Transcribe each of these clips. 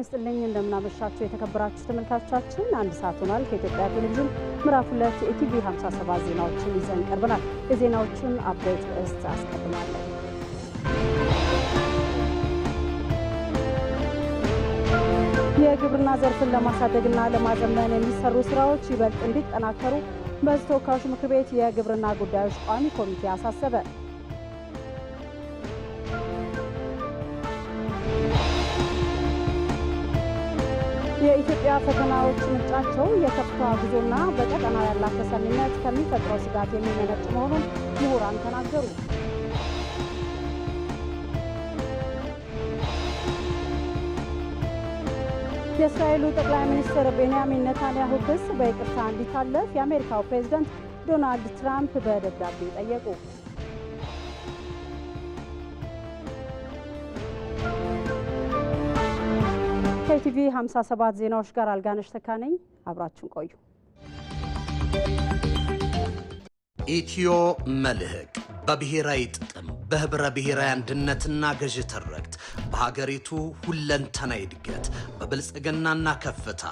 ይስጥልኝ እንደምናመሻችሁ የተከበራችሁ ተመልካቾቻችን፣ አንድ ሰዓት ሆኗል። ከኢትዮጵያ ቴሌቪዥን ምዕራፍ ሁለት የኢቲቪ 57 ዜናዎችን ይዘን ቀርበናል። የዜናዎቹን አበይት ርዕስት አስቀድማለን። የግብርና ዘርፍን ለማሳደግና ለማዘመን የሚሰሩ ስራዎች ይበልጥ እንዲጠናከሩ በሕዝብ ተወካዮች ምክር ቤት የግብርና ጉዳዮች ቋሚ ኮሚቴ አሳሰበ። የኢትዮጵያ ፈተናዎች ምንጫቸው የከፍታ ጉዞና በቀጠና ያላት ተሰሚነት ከሚፈጥረው ስጋት የሚመነጭ መሆኑን ምሁራን ተናገሩ። የእስራኤሉ ጠቅላይ ሚኒስትር ቤንያሚን ነታንያሁ ክስ በይቅርታ እንዲታለፍ የአሜሪካው ፕሬዝደንት ዶናልድ ትራምፕ በደብዳቤ ጠየቁ። ከኢቲቪ 57 ዜናዎች ጋር አልጋነሽ ተካ ነኝ። አብራችን ቆዩ። ኢትዮ መልህቅ በብሔራዊ ጥቅም በህብረ ብሔራዊ አንድነትና ገዥ ትርክት በሀገሪቱ ሁለንተና እድገት በብልጽግናና ከፍታ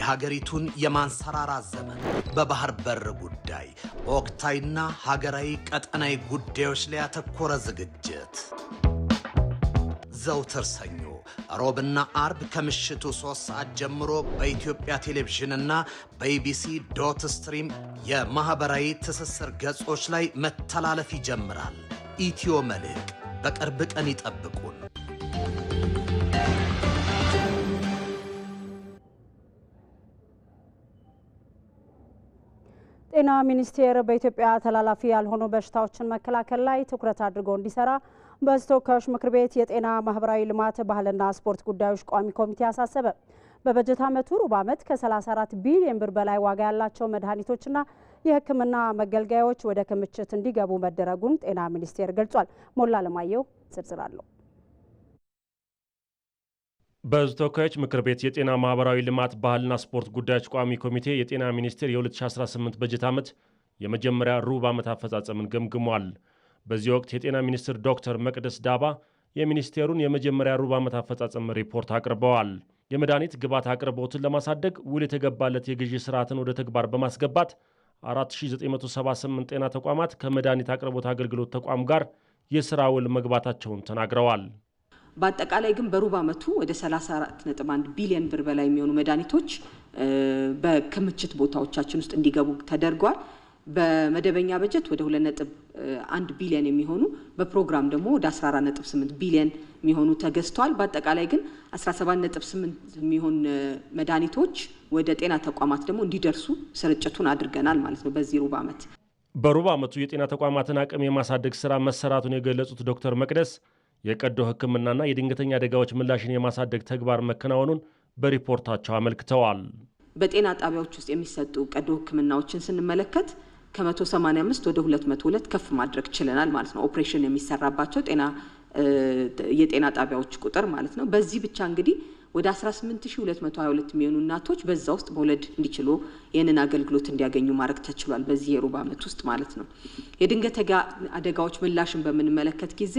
የሀገሪቱን የማንሰራራት ዘመን በባህር በር ጉዳይ በወቅታዊና ሀገራዊ ቀጠናዊ ጉዳዮች ላይ ያተኮረ ዝግጅት ዘውትር ሰኞ ሮብና አርብ ከምሽቱ 3 ሰዓት ጀምሮ በኢትዮጵያ ቴሌቪዥንና በኢቢሲ ዶት ስትሪም የማኅበራዊ ትስስር ገጾች ላይ መተላለፍ ይጀምራል። ኢትዮ መልሕቅ በቅርብ ቀን ይጠብቁን። ጤና ሚኒስቴር በኢትዮጵያ ተላላፊ ያልሆኑ በሽታዎችን መከላከል ላይ ትኩረት አድርጎ እንዲሰራ በተወካዮች ምክር ቤት የጤና ማህበራዊ ልማት ባህልና ስፖርት ጉዳዮች ቋሚ ኮሚቴ አሳሰበ። በበጀት ዓመቱ ሩብ ዓመት ከ34 ቢሊዮን ብር በላይ ዋጋ ያላቸው መድኃኒቶችና የሕክምና መገልገያዎች ወደ ክምችት እንዲገቡ መደረጉን ጤና ሚኒስቴር ገልጿል። ሞላ ለማየሁ ዝርዝር አለው። በሕዝብ ተወካዮች ምክር ቤት የጤና ማህበራዊ ልማት ባህልና ስፖርት ጉዳዮች ቋሚ ኮሚቴ የጤና ሚኒስቴር የ2018 በጀት ዓመት የመጀመሪያ ሩብ ዓመት አፈጻጸምን ገምግሟል። በዚህ ወቅት የጤና ሚኒስትር ዶክተር መቅደስ ዳባ የሚኒስቴሩን የመጀመሪያ ሩብ ዓመት አፈጻጸም ሪፖርት አቅርበዋል። የመድኃኒት ግብዓት አቅርቦትን ለማሳደግ ውል የተገባለት የግዢ ስርዓትን ወደ ተግባር በማስገባት 4978 ጤና ተቋማት ከመድኃኒት አቅርቦት አገልግሎት ተቋም ጋር የስራ ውል መግባታቸውን ተናግረዋል። በአጠቃላይ ግን በሩብ ዓመቱ ወደ 34.1 ቢሊዮን ብር በላይ የሚሆኑ መድኃኒቶች በክምችት ቦታዎቻችን ውስጥ እንዲገቡ ተደርጓል። በመደበኛ በጀት ወደ 2.1 ቢሊዮን የሚሆኑ በፕሮግራም ደግሞ ወደ 14.8 ቢሊዮን የሚሆኑ ተገዝተዋል። በአጠቃላይ ግን 17.8 የሚሆን መድኃኒቶች ወደ ጤና ተቋማት ደግሞ እንዲደርሱ ስርጭቱን አድርገናል ማለት ነው በዚህ ሩብ ዓመት። በሩብ ዓመቱ የጤና ተቋማትን አቅም የማሳደግ ስራ መሰራቱን የገለጹት ዶክተር መቅደስ የቀዶ ሕክምናና የድንገተኛ አደጋዎች ምላሽን የማሳደግ ተግባር መከናወኑን በሪፖርታቸው አመልክተዋል። በጤና ጣቢያዎች ውስጥ የሚሰጡ ቀዶ ሕክምናዎችን ስንመለከት ከ185 ወደ 202 ከፍ ማድረግ ችለናል ማለት ነው። ኦፕሬሽን የሚሰራባቸው ጤና የጤና ጣቢያዎች ቁጥር ማለት ነው። በዚህ ብቻ እንግዲህ ወደ 18222 የሚሆኑ እናቶች በዛ ውስጥ መውለድ እንዲችሉ ይህንን አገልግሎት እንዲያገኙ ማድረግ ተችሏል፣ በዚህ የሩብ ዓመት ውስጥ ማለት ነው። የድንገተኛ አደጋዎች ምላሽን በምንመለከት ጊዜ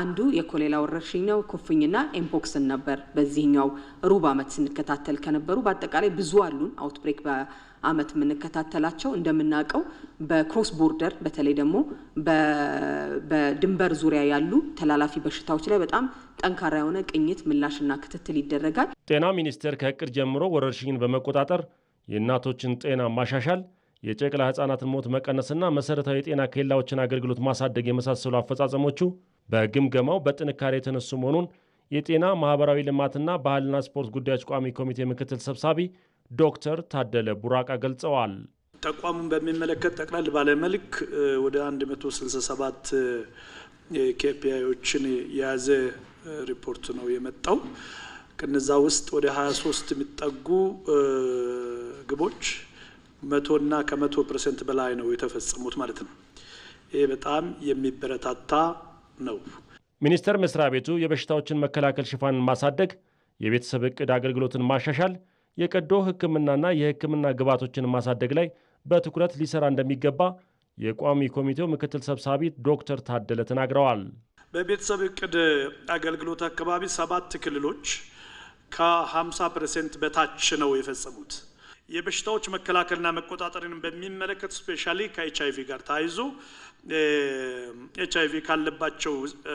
አንዱ የኮሌላ ወረርሽኝ ነው፣ ኩፍኝና ኤምፖክስን ነበር። በዚህኛው ሩብ ዓመት ስንከታተል ከነበሩ በአጠቃላይ ብዙ አሉን አውትብሬክ በዓመት የምንከታተላቸው እንደምናውቀው በክሮስ ቦርደር በተለይ ደግሞ በድንበር ዙሪያ ያሉ ተላላፊ በሽታዎች ላይ በጣም ጠንካራ የሆነ ቅኝት ምላሽና ክትትል ይደረጋል። ጤና ሚኒስቴር ከእቅድ ጀምሮ ወረርሽኝን በመቆጣጠር የእናቶችን ጤና ማሻሻል የጨቅላ ሕፃናትን ሞት መቀነስና መሰረታዊ የጤና ኬላዎችን አገልግሎት ማሳደግ የመሳሰሉ አፈጻጸሞቹ በግምገማው በጥንካሬ የተነሱ መሆኑን የጤና ማህበራዊ ልማትና ባህልና ስፖርት ጉዳዮች ቋሚ ኮሚቴ ምክትል ሰብሳቢ ዶክተር ታደለ ቡራቃ ገልጸዋል። ተቋሙን በሚመለከት ጠቅለል ባለመልክ ወደ 167 ኬፒአይዎችን የያዘ ሪፖርት ነው የመጣው። ከነዛ ውስጥ ወደ 23 የሚጠጉ ግቦች መቶና ከመቶ ፐርሰንት በላይ ነው የተፈጸሙት ማለት ነው። ይህ በጣም የሚበረታታ ነው። ሚኒስቴር መስሪያ ቤቱ የበሽታዎችን መከላከል ሽፋንን ማሳደግ፣ የቤተሰብ ዕቅድ አገልግሎትን ማሻሻል፣ የቀዶ ሕክምናና የሕክምና ግብዓቶችን ማሳደግ ላይ በትኩረት ሊሰራ እንደሚገባ የቋሚ ኮሚቴው ምክትል ሰብሳቢ ዶክተር ታደለ ተናግረዋል። በቤተሰብ ዕቅድ አገልግሎት አካባቢ ሰባት ክልሎች ከ50 ፐርሰንት በታች ነው የፈጸሙት። የበሽታዎች መከላከልና መቆጣጠርን በሚመለከት ስፔሻሊ ከኤች አይቪ ጋር ተያይዞ ኤች አይቪ ካለባቸው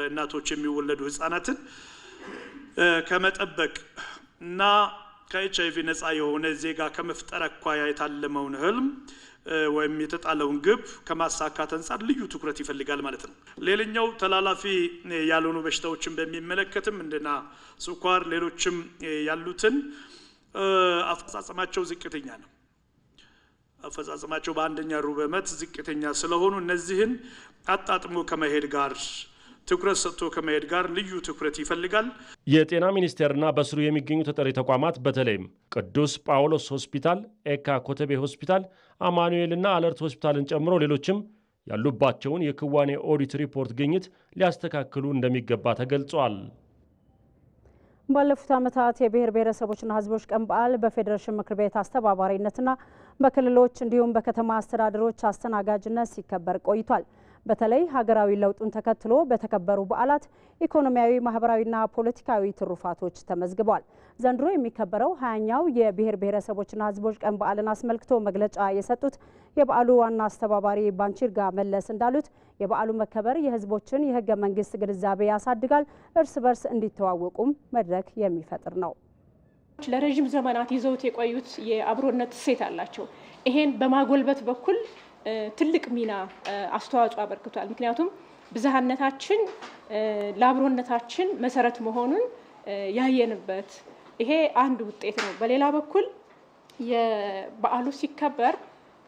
እናቶች የሚወለዱ ህጻናትን ከመጠበቅ እና ከኤች አይቪ ነፃ የሆነ ዜጋ ከመፍጠር አኳያ የታለመውን ህልም ወይም የተጣለውን ግብ ከማሳካት አንጻር ልዩ ትኩረት ይፈልጋል ማለት ነው። ሌላኛው ተላላፊ ያልሆኑ በሽታዎችን በሚመለከትም እንደና ስኳር፣ ሌሎችም ያሉትን አፈጻጸማቸው ዝቅተኛ ነው። አፈጻጸማቸው በአንደኛ ሩብ ዓመት ዝቅተኛ ስለሆኑ እነዚህን አጣጥሞ ከመሄድ ጋር ትኩረት ሰጥቶ ከመሄድ ጋር ልዩ ትኩረት ይፈልጋል። የጤና ሚኒስቴርና በስሩ የሚገኙ ተጠሪ ተቋማት በተለይም ቅዱስ ጳውሎስ ሆስፒታል፣ ኤካ ኮተቤ ሆስፒታል፣ አማኑኤልና አለርት ሆስፒታልን ጨምሮ ሌሎችም ያሉባቸውን የክዋኔ ኦዲት ሪፖርት ግኝት ሊያስተካክሉ እንደሚገባ ተገልጿል። ባለፉት ዓመታት የብሔር ብሔረሰቦችና ህዝቦች ቀን በዓል በፌዴሬሽን ምክር ቤት አስተባባሪነትና በክልሎች እንዲሁም በከተማ አስተዳደሮች አስተናጋጅነት ሲከበር ቆይቷል። በተለይ ሀገራዊ ለውጡን ተከትሎ በተከበሩ በዓላት ኢኮኖሚያዊ፣ ማህበራዊና ፖለቲካዊ ትሩፋቶች ተመዝግቧል። ዘንድሮ የሚከበረው ሀያኛው የብሔር ብሔረሰቦችና ህዝቦች ቀን በዓልን አስመልክቶ መግለጫ የሰጡት የበዓሉ ዋና አስተባባሪ ባንቺርጋ መለስ እንዳሉት የበዓሉ መከበር የህዝቦችን የህገ መንግስት ግንዛቤ ያሳድጋል፣ እርስ በርስ እንዲተዋወቁም መድረክ የሚፈጥር ነው። ለረዥም ዘመናት ይዘውት የቆዩት የአብሮነት እሴት አላቸው። ይሄን በማጎልበት በኩል ትልቅ ሚና አስተዋጽኦ አበርክቷል። ምክንያቱም ብዝሃነታችን ለአብሮነታችን መሰረት መሆኑን ያየንበት ይሄ አንድ ውጤት ነው። በሌላ በኩል የበዓሉ ሲከበር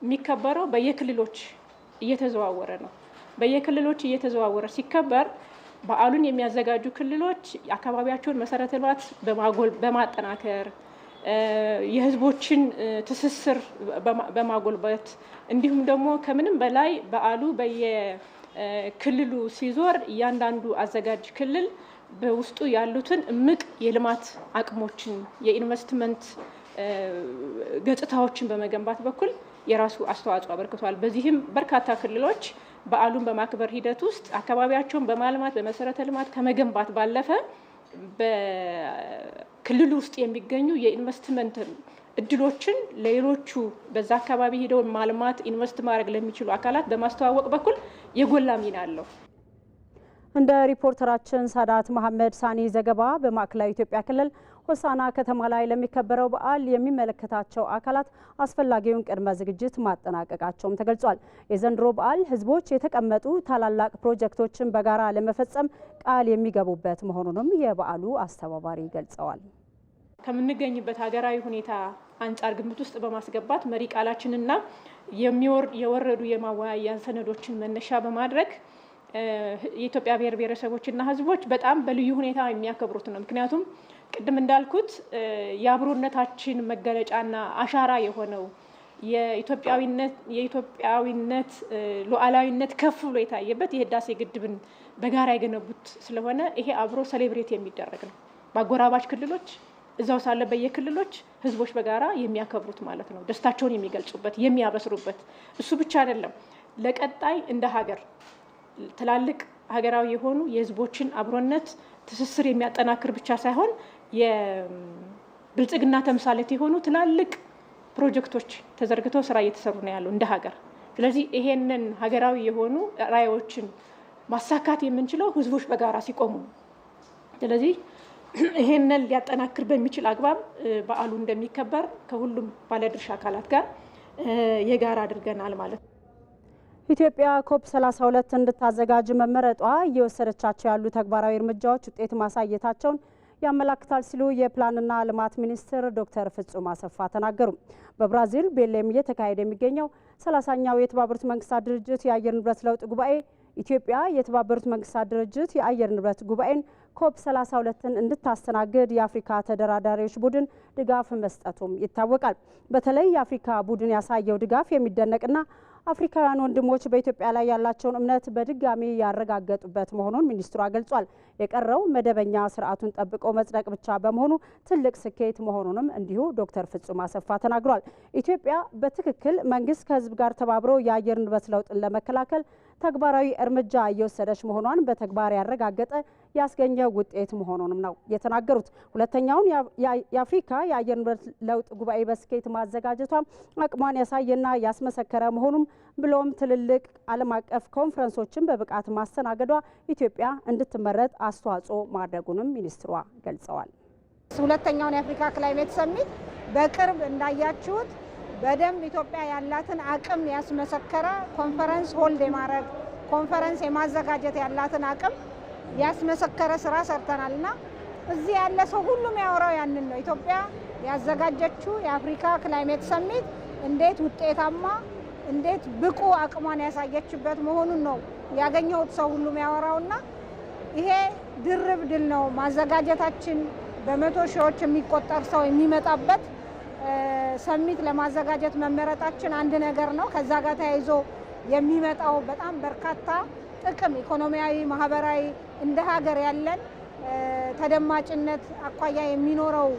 የሚከበረው በየክልሎች እየተዘዋወረ ነው። በየክልሎች እየተዘዋወረ ሲከበር በዓሉን የሚያዘጋጁ ክልሎች አካባቢያቸውን መሰረተ ልማት በማጠናከር የህዝቦችን ትስስር በማጎልበት እንዲሁም ደግሞ ከምንም በላይ በዓሉ በየክልሉ ሲዞር እያንዳንዱ አዘጋጅ ክልል በውስጡ ያሉትን እምቅ የልማት አቅሞችን የኢንቨስትመንት ገጽታዎችን በመገንባት በኩል የራሱ አስተዋጽኦ አበርክቷል። በዚህም በርካታ ክልሎች በዓሉን በማክበር ሂደት ውስጥ አካባቢያቸውን በማልማት በመሰረተ ልማት ከመገንባት ባለፈ በክልሉ ውስጥ የሚገኙ የኢንቨስትመንት እድሎችን ለሌሎቹ በዛ አካባቢ ሄደውን ማልማት ኢንቨስት ማድረግ ለሚችሉ አካላት በማስተዋወቅ በኩል የጎላ ሚና አለው። እንደ ሪፖርተራችን ሳዳት መሐመድ ሳኒ ዘገባ በማዕከላዊ ኢትዮጵያ ክልል ሆሳና ከተማ ላይ ለሚከበረው በዓል የሚመለከታቸው አካላት አስፈላጊውን ቅድመ ዝግጅት ማጠናቀቃቸውም ተገልጿል። የዘንድሮ በዓል ህዝቦች የተቀመጡ ታላላቅ ፕሮጀክቶችን በጋራ ለመፈጸም ቃል የሚገቡበት መሆኑንም የበዓሉ አስተባባሪ ገልጸዋል። ከምንገኝበት ሀገራዊ ሁኔታ አንጻር ግምት ውስጥ በማስገባት መሪ ቃላችንና የወረዱ የማወያያ ሰነዶችን መነሻ በማድረግ የኢትዮጵያ ብሔር ብሔረሰቦችና ህዝቦች በጣም በልዩ ሁኔታ የሚያከብሩት ነው። ምክንያቱም ቅድም እንዳልኩት የአብሮነታችን መገለጫና አሻራ የሆነው የኢትዮጵያዊነት ሉዓላዊነት ከፍ ብሎ የታየበት የህዳሴ ግድብን በጋራ የገነቡት ስለሆነ ይሄ አብሮ ሴሌብሬት የሚደረግ ነው። በአጎራባች ክልሎች እዛው ሳለ በየክልሎች ህዝቦች በጋራ የሚያከብሩት ማለት ነው። ደስታቸውን የሚገልጹበት የሚያበስሩበት። እሱ ብቻ አይደለም ለቀጣይ እንደ ሀገር ትላልቅ ሀገራዊ የሆኑ የህዝቦችን አብሮነት ትስስር የሚያጠናክር ብቻ ሳይሆን የብልጽግና ተምሳሌት የሆኑ ትላልቅ ፕሮጀክቶች ተዘርግተው ስራ እየተሰሩ ነው ያሉ እንደ ሀገር። ስለዚህ ይሄንን ሀገራዊ የሆኑ ራዕዮችን ማሳካት የምንችለው ህዝቦች በጋራ ሲቆሙ ስለዚህ ይሄንን ሊያጠናክር በሚችል አግባብ በዓሉ እንደሚከበር ከሁሉም ባለድርሻ አካላት ጋር የጋራ አድርገናል ማለት ነው። ኢትዮጵያ ኮፕ 32 እንድታዘጋጅ መመረጧ እየወሰደቻቸው ያሉ ተግባራዊ እርምጃዎች ውጤት ማሳየታቸውን ያመላክታል ሲሉ የፕላንና ልማት ሚኒስትር ዶክተር ፍጹም አሰፋ ተናገሩ። በብራዚል ቤሌም እየተካሄደ የሚገኘው 30ኛው የተባበሩት መንግስታት ድርጅት የአየር ንብረት ለውጥ ጉባኤ ኢትዮጵያ የተባበሩት መንግስታት ድርጅት የአየር ንብረት ጉባኤን ኮፕ 32ን እንድታስተናግድ የአፍሪካ ተደራዳሪዎች ቡድን ድጋፍ መስጠቱም ይታወቃል። በተለይ የአፍሪካ ቡድን ያሳየው ድጋፍ የሚደነቅና አፍሪካውያን ወንድሞች በኢትዮጵያ ላይ ያላቸውን እምነት በድጋሚ ያረጋገጡበት መሆኑን ሚኒስትሯ ገልጿል። የቀረው መደበኛ ስርዓቱን ጠብቆ መጽደቅ ብቻ በመሆኑ ትልቅ ስኬት መሆኑንም እንዲሁ ዶክተር ፍጹም አሰፋ ተናግሯል። ኢትዮጵያ በትክክል መንግስት ከህዝብ ጋር ተባብሮ የአየር ንብረት ለውጥን ለመከላከል ተግባራዊ እርምጃ እየወሰደች መሆኗን በተግባር ያረጋገጠ ያስገኘ ውጤት መሆኑንም ነው የተናገሩት። ሁለተኛውን የአፍሪካ የአየር ንብረት ለውጥ ጉባኤ በስኬት ማዘጋጀቷ አቅሟን ያሳየና ያስመሰከረ መሆኑም ብሎም ትልልቅ ዓለም አቀፍ ኮንፈረንሶችን በብቃት ማስተናገዷ ኢትዮጵያ እንድትመረጥ አስተዋጽኦ ማድረጉንም ሚኒስትሯ ገልጸዋል። ሁለተኛውን የአፍሪካ ክላይሜት ሰሚት በቅርብ እንዳያችሁት በደንብ ኢትዮጵያ ያላትን አቅም ያስመሰከረ ኮንፈረንስ ሆልድ የማድረግ ኮንፈረንስ የማዘጋጀት ያላትን አቅም ያስመሰከረ ስራ ሰርተናል እና እዚህ ያለ ሰው ሁሉም ያወራው ያንን ነው። ኢትዮጵያ ያዘጋጀችው የአፍሪካ ክላይሜት ሰሚት እንዴት ውጤታማ እንዴት ብቁ አቅሟን ያሳየችበት መሆኑን ነው ያገኘሁት ሰው ሁሉም ያወራውና ይሄ ድርብ ድል ነው ማዘጋጀታችን። በመቶ ሺዎች የሚቆጠር ሰው የሚመጣበት ሰሚት ለማዘጋጀት መመረጣችን አንድ ነገር ነው። ከዛ ጋር ተያይዞ የሚመጣው በጣም በርካታ ጥቅም ኢኮኖሚያዊ፣ ማህበራዊ እንደ ሀገር ያለን ተደማጭነት አኳያ የሚኖረው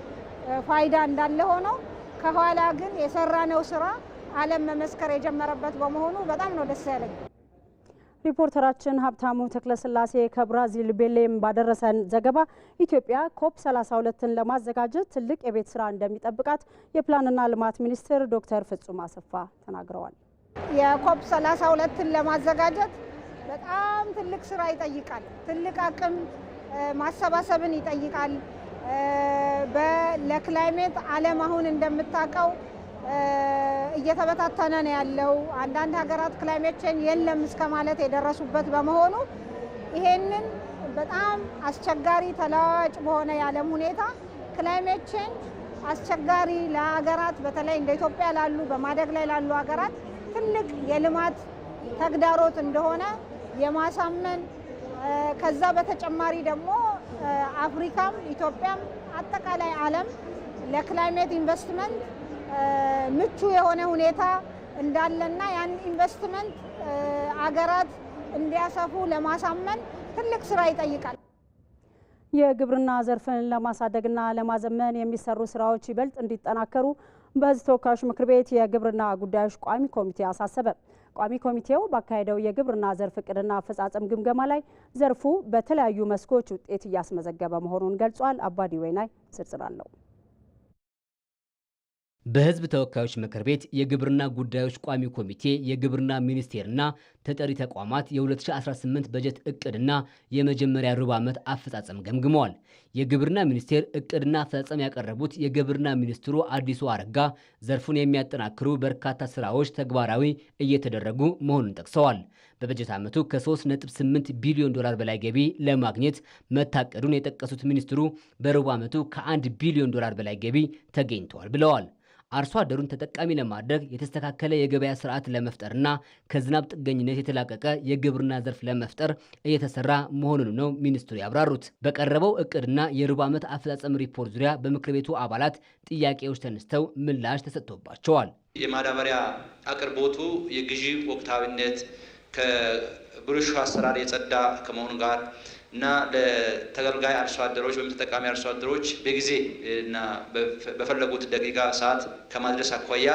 ፋይዳ እንዳለ ሆኖ ከኋላ ግን የሰራነው ስራ ዓለም መመስከር የጀመረበት በመሆኑ በጣም ነው ደስ ያለኝ። ሪፖርተራችን ሀብታሙ ተክለስላሴ ከብራዚል ቤሌም ባደረሰን ዘገባ ኢትዮጵያ ኮፕ 32ን ለማዘጋጀት ትልቅ የቤት ስራ እንደሚጠብቃት የፕላንና ልማት ሚኒስትር ዶክተር ፍጹም አሰፋ ተናግረዋል። የኮፕ 32ን ለማዘጋጀት በጣም ትልቅ ስራ ይጠይቃል። ትልቅ አቅም ማሰባሰብን ይጠይቃል። ለክላይሜት ዓለም አሁን እንደምታውቀው እየተበታተነ ነው ያለው። አንዳንድ ሀገራት ክላይሜት ቼንጅ የለም እስከ ማለት የደረሱበት በመሆኑ ይሄንን በጣም አስቸጋሪ ተለዋዋጭ በሆነ የዓለም ሁኔታ ክላይሜት ቼንጅ አስቸጋሪ ለሀገራት በተለይ እንደ ኢትዮጵያ ላሉ በማደግ ላይ ላሉ ሀገራት ትልቅ የልማት ተግዳሮት እንደሆነ የማሳመን ከዛ በተጨማሪ ደግሞ አፍሪካም ኢትዮጵያም አጠቃላይ ዓለም ለክላይሜት ኢንቨስትመንት ምቹ የሆነ ሁኔታ እንዳለና ያን ኢንቨስትመንት አገራት እንዲያሰፉ ለማሳመን ትልቅ ስራ ይጠይቃል። የግብርና ዘርፍን ለማሳደግና ለማዘመን የሚሰሩ ስራዎች ይበልጥ እንዲጠናከሩ በሕዝብ ተወካዮች ምክር ቤት የግብርና ጉዳዮች ቋሚ ኮሚቴ አሳሰበ። ቋሚ ኮሚቴው ባካሄደው የግብርና ዘርፍ እቅድና አፈጻጸም ግምገማ ላይ ዘርፉ በተለያዩ መስኮች ውጤት እያስመዘገበ መሆኑን ገልጿል። አባዲ ወይናይ ዝርዝር አለው። በህዝብ ተወካዮች ምክር ቤት የግብርና ጉዳዮች ቋሚ ኮሚቴ የግብርና ሚኒስቴርና ተጠሪ ተቋማት የ2018 በጀት እቅድና የመጀመሪያ ሩብ ዓመት አፈጻጸም ገምግመዋል። የግብርና ሚኒስቴር እቅድና አፈጻጸም ያቀረቡት የግብርና ሚኒስትሩ አዲሱ አረጋ ዘርፉን የሚያጠናክሩ በርካታ ስራዎች ተግባራዊ እየተደረጉ መሆኑን ጠቅሰዋል። በበጀት ዓመቱ ከ3.8 ቢሊዮን ዶላር በላይ ገቢ ለማግኘት መታቀዱን የጠቀሱት ሚኒስትሩ በሩብ ዓመቱ ከ1 ቢሊዮን ዶላር በላይ ገቢ ተገኝተዋል ብለዋል። አርሶ አደሩን ተጠቃሚ ለማድረግ የተስተካከለ የገበያ ስርዓት ለመፍጠርና ከዝናብ ጥገኝነት የተላቀቀ የግብርና ዘርፍ ለመፍጠር እየተሰራ መሆኑን ነው ሚኒስትሩ ያብራሩት። በቀረበው እቅድና የሩብ ዓመት አፈጻጸም ሪፖርት ዙሪያ በምክር ቤቱ አባላት ጥያቄዎች ተነስተው ምላሽ ተሰጥቶባቸዋል። የማዳበሪያ አቅርቦቱ የግዢ ወቅታዊነት ከብልሹ አሰራር የጸዳ ከመሆኑ ጋር እና ለተገልጋይ አርሶ አደሮች ወይም ተጠቃሚ አርሶ አደሮች በጊዜ እና በፈለጉት ደቂቃ ሰዓት ከማድረስ አኳያ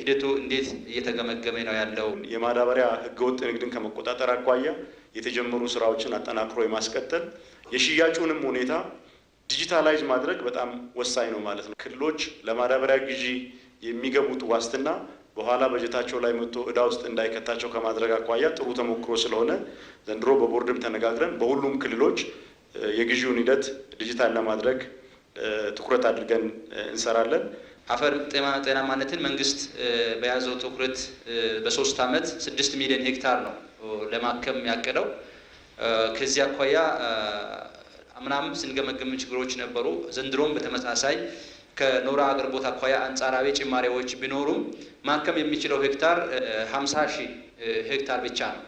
ሂደቱ እንዴት እየተገመገመ ነው ያለው? የማዳበሪያ ህገወጥ ንግድን ከመቆጣጠር አኳያ የተጀመሩ ስራዎችን አጠናክሮ የማስቀጠል የሽያጩንም ሁኔታ ዲጂታላይዝ ማድረግ በጣም ወሳኝ ነው ማለት ነው። ክልሎች ለማዳበሪያ ግዢ የሚገቡት ዋስትና በኋላ በጀታቸው ላይ መጥቶ እዳ ውስጥ እንዳይከታቸው ከማድረግ አኳያ ጥሩ ተሞክሮ ስለሆነ ዘንድሮ በቦርድም ተነጋግረን በሁሉም ክልሎች የግዢውን ሂደት ዲጂታል ለማድረግ ትኩረት አድርገን እንሰራለን። አፈር ጤናማነትን መንግስት በያዘው ትኩረት በሶስት አመት ስድስት ሚሊዮን ሄክታር ነው ለማከም ያቀደው። ከዚህ አኳያ አምናም ስንገመገም ችግሮች ነበሩ። ዘንድሮም በተመሳሳይ ከኖራ አቅርቦት አኳያ አንጻራዊ ጭማሪዎች ቢኖሩም ማከም የሚችለው ሄክታር 50 ሺህ ሄክታር ብቻ ነው።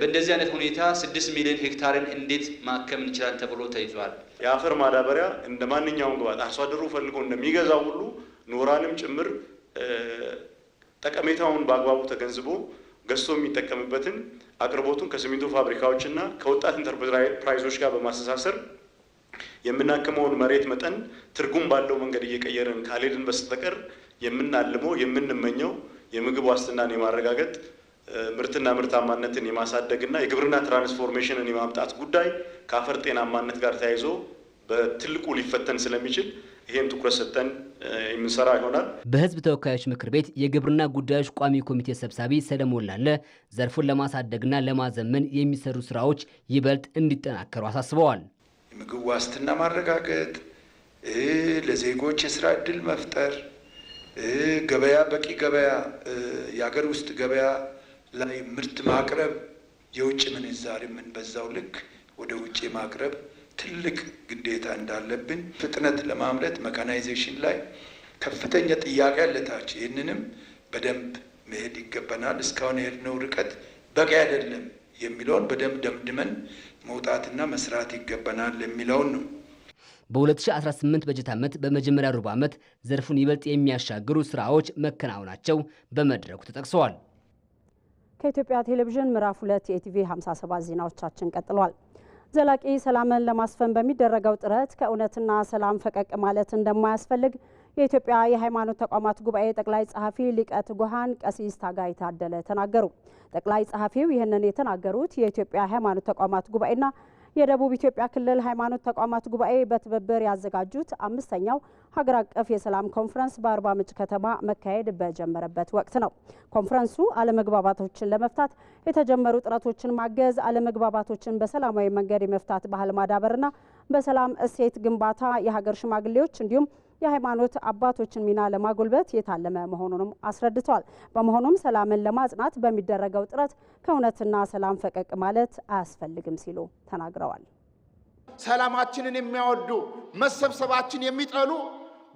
በእንደዚህ አይነት ሁኔታ 6 ሚሊዮን ሄክታርን እንዴት ማከም እንችላለን ተብሎ ተይዟል። የአፈር ማዳበሪያ እንደ ማንኛውም ግባት አርሶ አደሩ ፈልጎ እንደሚገዛው ሁሉ ኖራንም ጭምር ጠቀሜታውን በአግባቡ ተገንዝቦ ገዝቶ የሚጠቀምበትን አቅርቦቱን ከሲሚንቶ ፋብሪካዎችና ከወጣት ኢንተርፕራይዞች ጋር በማስተሳሰር የምናክመውን መሬት መጠን ትርጉም ባለው መንገድ እየቀየርን ካልሄድን በስተቀር የምናልመው የምንመኘው የምግብ ዋስትናን የማረጋገጥ ምርትና ምርታማነትን የማሳደግና የግብርና ትራንስፎርሜሽንን የማምጣት ጉዳይ ከአፈር ጤናማነት ጋር ተያይዞ በትልቁ ሊፈተን ስለሚችል ይህም ትኩረት ሰጠን የምንሰራ ይሆናል። በሕዝብ ተወካዮች ምክር ቤት የግብርና ጉዳዮች ቋሚ ኮሚቴ ሰብሳቢ ሰለሞን ላለ ዘርፉን ለማሳደግና ለማዘመን የሚሰሩ ስራዎች ይበልጥ እንዲጠናከሩ አሳስበዋል። ምግብ ዋስትና ማረጋገጥ፣ ለዜጎች የስራ እድል መፍጠር፣ ገበያ በቂ ገበያ የሀገር ውስጥ ገበያ ላይ ምርት ማቅረብ፣ የውጭ ምን በዛው ልክ ወደ ውጭ ማቅረብ ትልቅ ግዴታ እንዳለብን፣ ፍጥነት ለማምረት መካናይዜሽን ላይ ከፍተኛ ጥያቄ አለታች። ይህንንም በደንብ መሄድ ይገባናል። እስካሁን የሄድነው ርቀት በቂ አይደለም የሚለውን በደንብ ደምድመን መውጣትና መስራት ይገባናል የሚለውን ነው። በ2018 በጀት ዓመት በመጀመሪያ ሩብ ዓመት ዘርፉን ይበልጥ የሚያሻግሩ ስራዎች መከናወናቸው በመድረኩ ተጠቅሰዋል። ከኢትዮጵያ ቴሌቪዥን ምዕራፍ 2 የኢቲቪ 57 ዜናዎቻችን ቀጥሏል። ዘላቂ ሰላምን ለማስፈን በሚደረገው ጥረት ከእውነትና ሰላም ፈቀቅ ማለት እንደማያስፈልግ የኢትዮጵያ የሃይማኖት ተቋማት ጉባኤ ጠቅላይ ጸሐፊ ሊቀ ትጉሃን ቀሲስ ታጋይ ታደለ ተናገሩ። ጠቅላይ ጸሐፊው ይህንን የተናገሩት የኢትዮጵያ ሃይማኖት ተቋማት ጉባኤና የደቡብ ኢትዮጵያ ክልል ሃይማኖት ተቋማት ጉባኤ በትብብር ያዘጋጁት አምስተኛው ሀገር አቀፍ የሰላም ኮንፈረንስ በአርባ ምንጭ ከተማ መካሄድ በጀመረበት ወቅት ነው። ኮንፈረንሱ አለመግባባቶችን ለመፍታት የተጀመሩ ጥረቶችን ማገዝ፣ አለመግባባቶችን በሰላማዊ መንገድ የመፍታት ባህል ማዳበርና በሰላም እሴት ግንባታ የሀገር ሽማግሌዎች እንዲሁም የሃይማኖት አባቶችን ሚና ለማጎልበት የታለመ መሆኑንም አስረድቷል። በመሆኑም ሰላምን ለማጽናት በሚደረገው ጥረት ከእውነትና ሰላም ፈቀቅ ማለት አያስፈልግም ሲሉ ተናግረዋል። ሰላማችንን የሚያወዱ መሰብሰባችን የሚጠሉ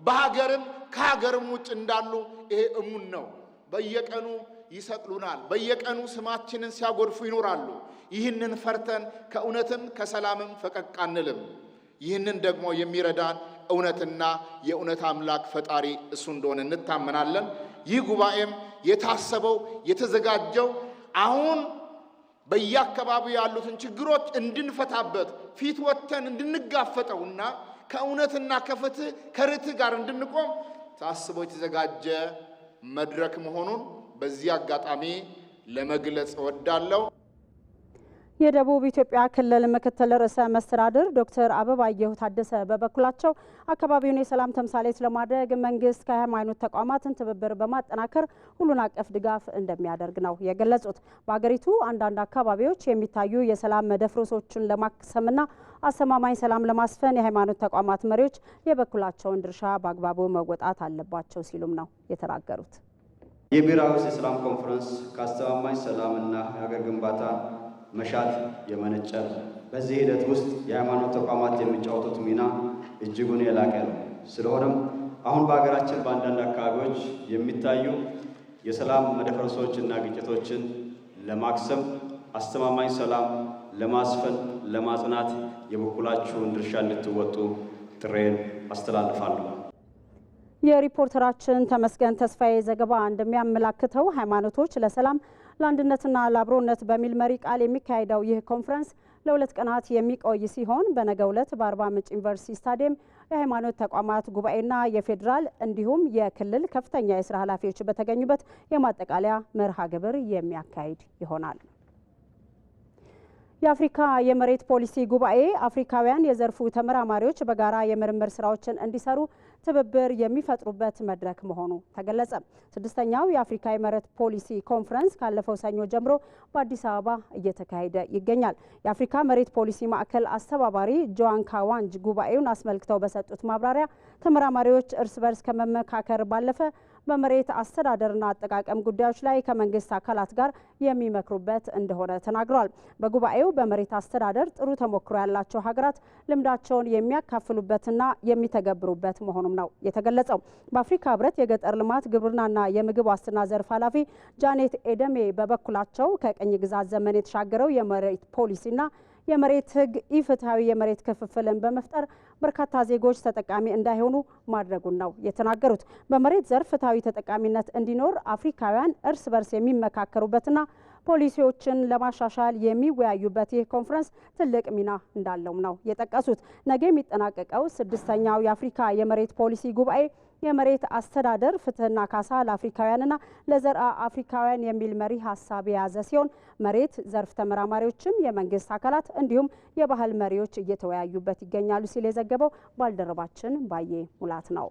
በሀገርም ከሀገርም ውጭ እንዳሉ ይሄ እሙን ነው። በየቀኑ ይሰቅሉናል። በየቀኑ ስማችንን ሲያጎድፉ ይኖራሉ። ይህንን ፈርተን ከእውነትም ከሰላምም ፈቀቅ አንልም። ይህንን ደግሞ የሚረዳን እውነትና የእውነት አምላክ ፈጣሪ እሱ እንደሆነ እንታመናለን። ይህ ጉባኤም የታሰበው የተዘጋጀው አሁን በየአካባቢው ያሉትን ችግሮች እንድንፈታበት ፊት ወጥተን እንድንጋፈጠውና ከእውነትና ከፍትህ ከርትህ ጋር እንድንቆም ታስቦ የተዘጋጀ መድረክ መሆኑን በዚህ አጋጣሚ ለመግለጽ እወዳለሁ። የደቡብ ኢትዮጵያ ክልል ምክትል ርዕሰ መስተዳድር ዶክተር አበባየሁ ታደሰ በበኩላቸው አካባቢውን የሰላም ተምሳሌት ለማድረግ መንግስት ከሃይማኖት ተቋማትን ትብብር በማጠናከር ሁሉን አቀፍ ድጋፍ እንደሚያደርግ ነው የገለጹት። በሀገሪቱ አንዳንድ አካባቢዎች የሚታዩ የሰላም መደፍረሶችን ለማክሰምና አስተማማኝ ሰላም ለማስፈን የሃይማኖት ተቋማት መሪዎች የበኩላቸውን ድርሻ በአግባቡ መወጣት አለባቸው ሲሉም ነው የተናገሩት። የብሔራዊ የሰላም ኮንፈረንስ ከአስተማማኝ ሰላምና የሀገር ግንባታ መሻት የመነጨ ነው። በዚህ ሂደት ውስጥ የሃይማኖት ተቋማት የሚጫወቱት ሚና እጅጉን የላቀ ነው። ስለሆነም አሁን በሀገራችን በአንዳንድ አካባቢዎች የሚታዩ የሰላም እና ግጭቶችን ለማክሰም አስተማማኝ ሰላም ለማስፈን ለማጽናት የበኩላችሁን ድርሻ እንድትወጡ ጥሬን አስተላልፋለሁ። የሪፖርተራችን ተመስገን ተስፋዬ ዘገባ እንደሚያመላክተው ሃይማኖቶች ለሰላም ለአንድነትና ለአብሮነት በሚል መሪ ቃል የሚካሄደው ይህ ኮንፈረንስ ለሁለት ቀናት የሚቆይ ሲሆን በነገ ዕለት በአርባ ምንጭ ዩኒቨርሲቲ ስታዲየም የሃይማኖት ተቋማት ጉባኤና የፌዴራል እንዲሁም የክልል ከፍተኛ የስራ ኃላፊዎች በተገኙበት የማጠቃለያ መርሃ ግብር የሚያካሂድ ይሆናል። የአፍሪካ የመሬት ፖሊሲ ጉባኤ አፍሪካውያን የዘርፉ ተመራማሪዎች በጋራ የምርምር ስራዎችን እንዲሰሩ ትብብር የሚፈጥሩበት መድረክ መሆኑ ተገለጸ። ስድስተኛው የአፍሪካ የመሬት ፖሊሲ ኮንፈረንስ ካለፈው ሰኞ ጀምሮ በአዲስ አበባ እየተካሄደ ይገኛል። የአፍሪካ መሬት ፖሊሲ ማዕከል አስተባባሪ ጆዋን ካዋንጅ ጉባኤውን አስመልክተው በሰጡት ማብራሪያ ተመራማሪዎች እርስ በርስ ከመመካከር ባለፈ በመሬት አስተዳደርና አጠቃቀም ጉዳዮች ላይ ከመንግስት አካላት ጋር የሚመክሩበት እንደሆነ ተናግሯል። በጉባኤው በመሬት አስተዳደር ጥሩ ተሞክሮ ያላቸው ሀገራት ልምዳቸውን የሚያካፍሉበትና የሚተገብሩበት መሆኑም ነው የተገለጸው። በአፍሪካ ህብረት የገጠር ልማት ግብርናና የምግብ ዋስትና ዘርፍ ኃላፊ ጃኔት ኤደሜ በበኩላቸው ከቅኝ ግዛት ዘመን የተሻገረው የመሬት ፖሊሲና የመሬት ህግ ኢፍትሐዊ የመሬት ክፍፍልን በመፍጠር በርካታ ዜጎች ተጠቃሚ እንዳይሆኑ ማድረጉን ነው የተናገሩት። በመሬት ዘርፍ ፍትሐዊ ተጠቃሚነት እንዲኖር አፍሪካውያን እርስ በርስ የሚመካከሩበትና ፖሊሲዎችን ለማሻሻል የሚወያዩበት ይህ ኮንፈረንስ ትልቅ ሚና እንዳለውም ነው የጠቀሱት። ነገ የሚጠናቀቀው ስድስተኛው የአፍሪካ የመሬት ፖሊሲ ጉባኤ የመሬት አስተዳደር ፍትህና ካሳ ለአፍሪካውያንና ለዘርአ አፍሪካውያን የሚል መሪ ሀሳብ የያዘ ሲሆን መሬት ዘርፍ ተመራማሪዎችም የመንግስት አካላት እንዲሁም የባህል መሪዎች እየተወያዩበት ይገኛሉ ሲል የዘገበው ባልደረባችን ባዬ ሙላት ነው።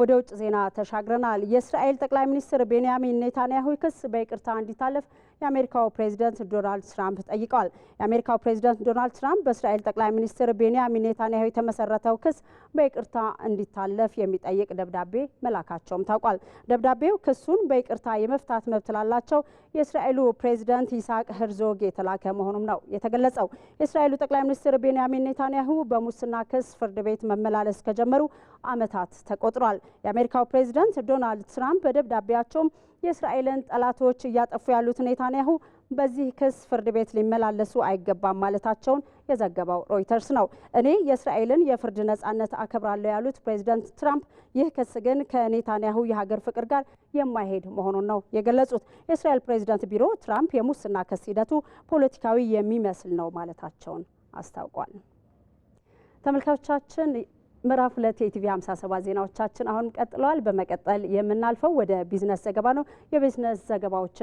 ወደ ውጭ ዜና ተሻግረናል። የእስራኤል ጠቅላይ ሚኒስትር ቤንያሚን ኔታንያሁ ክስ በይቅርታ እንዲታለፍ የአሜሪካው ፕሬዚደንት ዶናልድ ትራምፕ ጠይቀዋል። የአሜሪካው ፕሬዚደንት ዶናልድ ትራምፕ በእስራኤል ጠቅላይ ሚኒስትር ቤንያሚን ኔታንያሁ የተመሰረተው ክስ በይቅርታ እንዲታለፍ የሚጠይቅ ደብዳቤ መላካቸውም ታውቋል። ደብዳቤው ክሱን በይቅርታ የመፍታት መብት ላላቸው የእስራኤሉ ፕሬዚደንት ይስሐቅ ህርዞግ የተላከ መሆኑም ነው የተገለጸው። የእስራኤሉ ጠቅላይ ሚኒስትር ቤንያሚን ኔታንያሁ በሙስና ክስ ፍርድ ቤት መመላለስ ከጀመሩ ዓመታት ተቆጥሯል። የአሜሪካው ፕሬዚደንት ዶናልድ ትራምፕ በደብዳቤያቸውም የእስራኤልን ጠላቶች እያጠፉ ያሉት ኔታንያሁ በዚህ ክስ ፍርድ ቤት ሊመላለሱ አይገባም ማለታቸውን የዘገበው ሮይተርስ ነው። እኔ የእስራኤልን የፍርድ ነጻነት አከብራለሁ ያሉት ፕሬዚደንት ትራምፕ ይህ ክስ ግን ከኔታንያሁ የሀገር ፍቅር ጋር የማይሄድ መሆኑን ነው የገለጹት። የእስራኤል ፕሬዚደንት ቢሮ ትራምፕ የሙስና ክስ ሂደቱ ፖለቲካዊ የሚመስል ነው ማለታቸውን አስታውቋል። ተመልካቾቻችን ምዕራፍ ሁለት የኢቲቪ 57 ዜናዎቻችን አሁን ቀጥለዋል። በመቀጠል የምናልፈው ወደ ቢዝነስ ዘገባ ነው። የቢዝነስ ዘገባዎችን